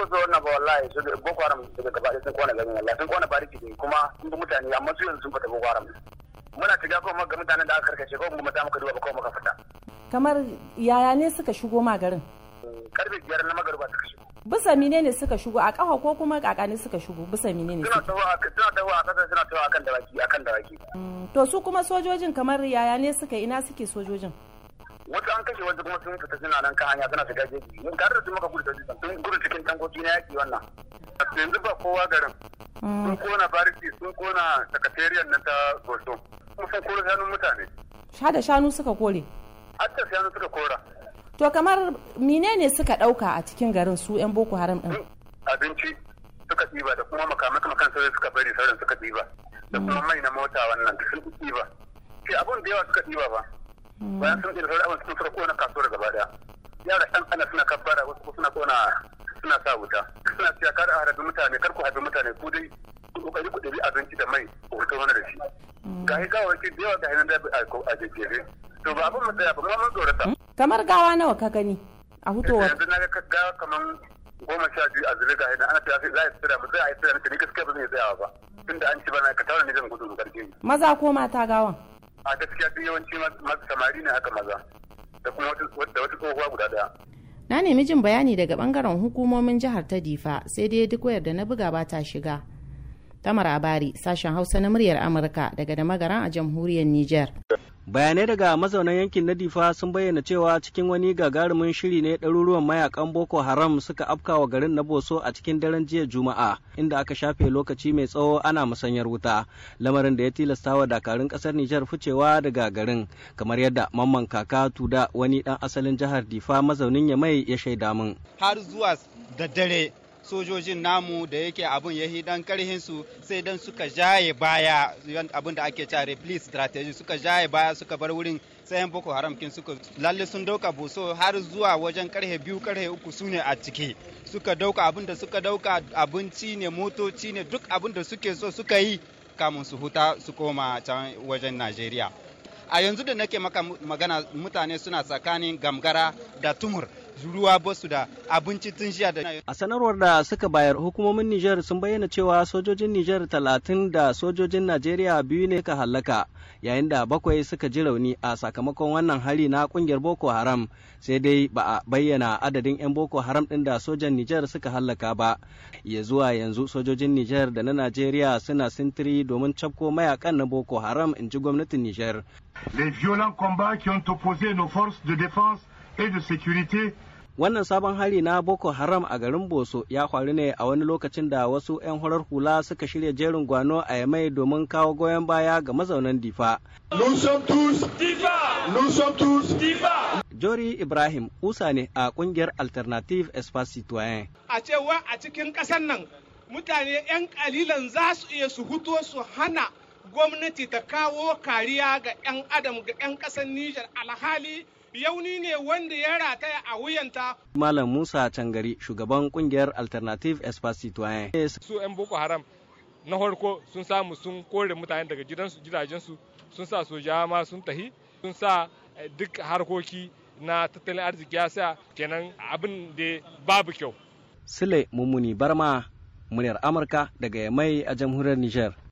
ba su wannan ba wallahi su da boko haram daga gaba sun kona garin wallahi sun kona bariki ne kuma sun bi mutane amma su yanzu sun fita boko haram muna shiga ma ga mutanen da aka karkace ko kuma ta muka duba ba ko muka fita kamar yaya ne suka shigo ma garin karfe biyar na magaruba suka shigo bisa mine ne suka shigo a kafa ko kuma kakani suka shigo bisa mine ne suna tawa a kasa suna tawa akan dawaki akan dawaki mm, to su kuma sojojin kamar yaya ne suka ina suke sojojin wasu an kashe wanda kuma sun fita suna nan kan hanya suna shiga jeji mun tare da su muka gudu da sun gudu cikin tankoki na yaki wannan yanzu ba kowa garin mm. sun kona bariki sun kona sakatariyar nan ta Kuma sun kore shanun mutane Sha da shanu suka kore hatta shanu suka kora to kamar menene suka dauka a cikin garin su yan boko haram din mm. abinci suka ɗiba da kuma makamaka makan sauri suka bari sauran suka ɗiba da kuma mm. mai na mota wannan sun ɗiba sai abun da yawa suka ɗiba ba bayan sun ɗin sauran abin sun fara kona kasuwar gaba ɗaya yara ɗan ana suna kabbara wasu suna kona suna sa wuta suna cewa kada a harbi mutane kar ku harbi mutane ku dai ku kokari ku ɗabi abinci da mai ku fito mana da shi mm. ga shi gawaki da yawa ga hinan da a jejjere to ba abin mu tsaya ba mun tsorata. kamar gawa nawa ka gani a hutowar. yanzu na ga gawa kamar goma sha biyu a zuri ga hinan ana tafi za a yi tsira ba za a yi tsira ni gaskiya ba zan yi tsayawa ba tunda an ci bana ka tara ni zan gudu garje. maza ko mata gawan. a gaskiya duk yawanci masu samari ne haka maza da kuma wata tsohuwa guda daya na nemi jin bayani daga bangaren hukumomin jihar ta difa sai dai duk wayar da na buga ba ta shiga tamar abari sashen hausa na muryar amurka daga da magaran a jamhuriyar niger bayanai daga mazaunan yankin na difa sun bayyana cewa cikin wani gagarumin shiri ne ɗaruruwan mayakan boko haram suka afkawa garin na boso a cikin daren jiya juma'a inda aka shafe lokaci mai tsawo ana musanyar wuta lamarin da ya tilasta wa dakarun ƙasar nijar ficewa daga garin kamar yadda mamman kaka tuda wani ɗan asalin jihar difa mazaunin Yamai, ya shaida min har zuwa da dare sojojin namu da yake abun ya dan karhin su sai dan suka jaye baya abun da ake cewa replace strategy suka jaye baya suka bar wurin sayan boko haram kin suka lalle sun dauka boso har zuwa wajen karhe biyu karhe uku sune a ciki suka dauka abun da suka dauka abinci ne motoci ne duk abun da suke so suka yi kamun su huta su koma can wajen najeriya a yanzu da nake maka magana mutane suna tsakanin gamgara da tumur ruwa ba su da abinci tun jiya da a sanarwar da suka bayar hukumomin Nijar sun bayyana cewa sojojin Nijar talatin da sojojin Najeriya biyu ne ka hallaka yayin da bakwai suka ji rauni a sakamakon wannan hari na kungiyar Boko Haram sai dai ba a bayyana adadin 'yan Boko Haram din da sojan Nijar suka hallaka ba ya zuwa yanzu sojojin Nijar da na Najeriya suna sintiri domin cafko mayakan na Boko Haram in ji gwamnatin Nijar. Les violents combats qui ont opposé nos forces de défense et de sécurité Wannan sabon hari na Boko Haram a garin Boso ya faru ne a wani lokacin da wasu 'yan horar hula suka shirya jerin gwano a Yamai domin kawo goyon baya ga mazaunan Difa. Jori Ibrahim Usa ne a ƙungiyar Alternative Espace Citoyen. A cewa a cikin ƙasar nan mutane 'yan kalilan za su iya su hutu su hana gwamnati ta kawo kariya ga 'yan adam ga 'yan ƙasar Nijar alhali yauni ne wanda ya rataya a wuyanta. Malam Musa Cangari shugaban kungiyar Alternative Espace Su 'yan Boko Haram na farko sun samu sun kore mutane daga gidajensu sun sa soja ma sun tahi sun sa eh, duk harkoki na tattalin arziki ya sa kenan abin da babu kyau. Sule Mummuni Barma, muryar Amurka daga Yamai a jamhuriyar Nijar.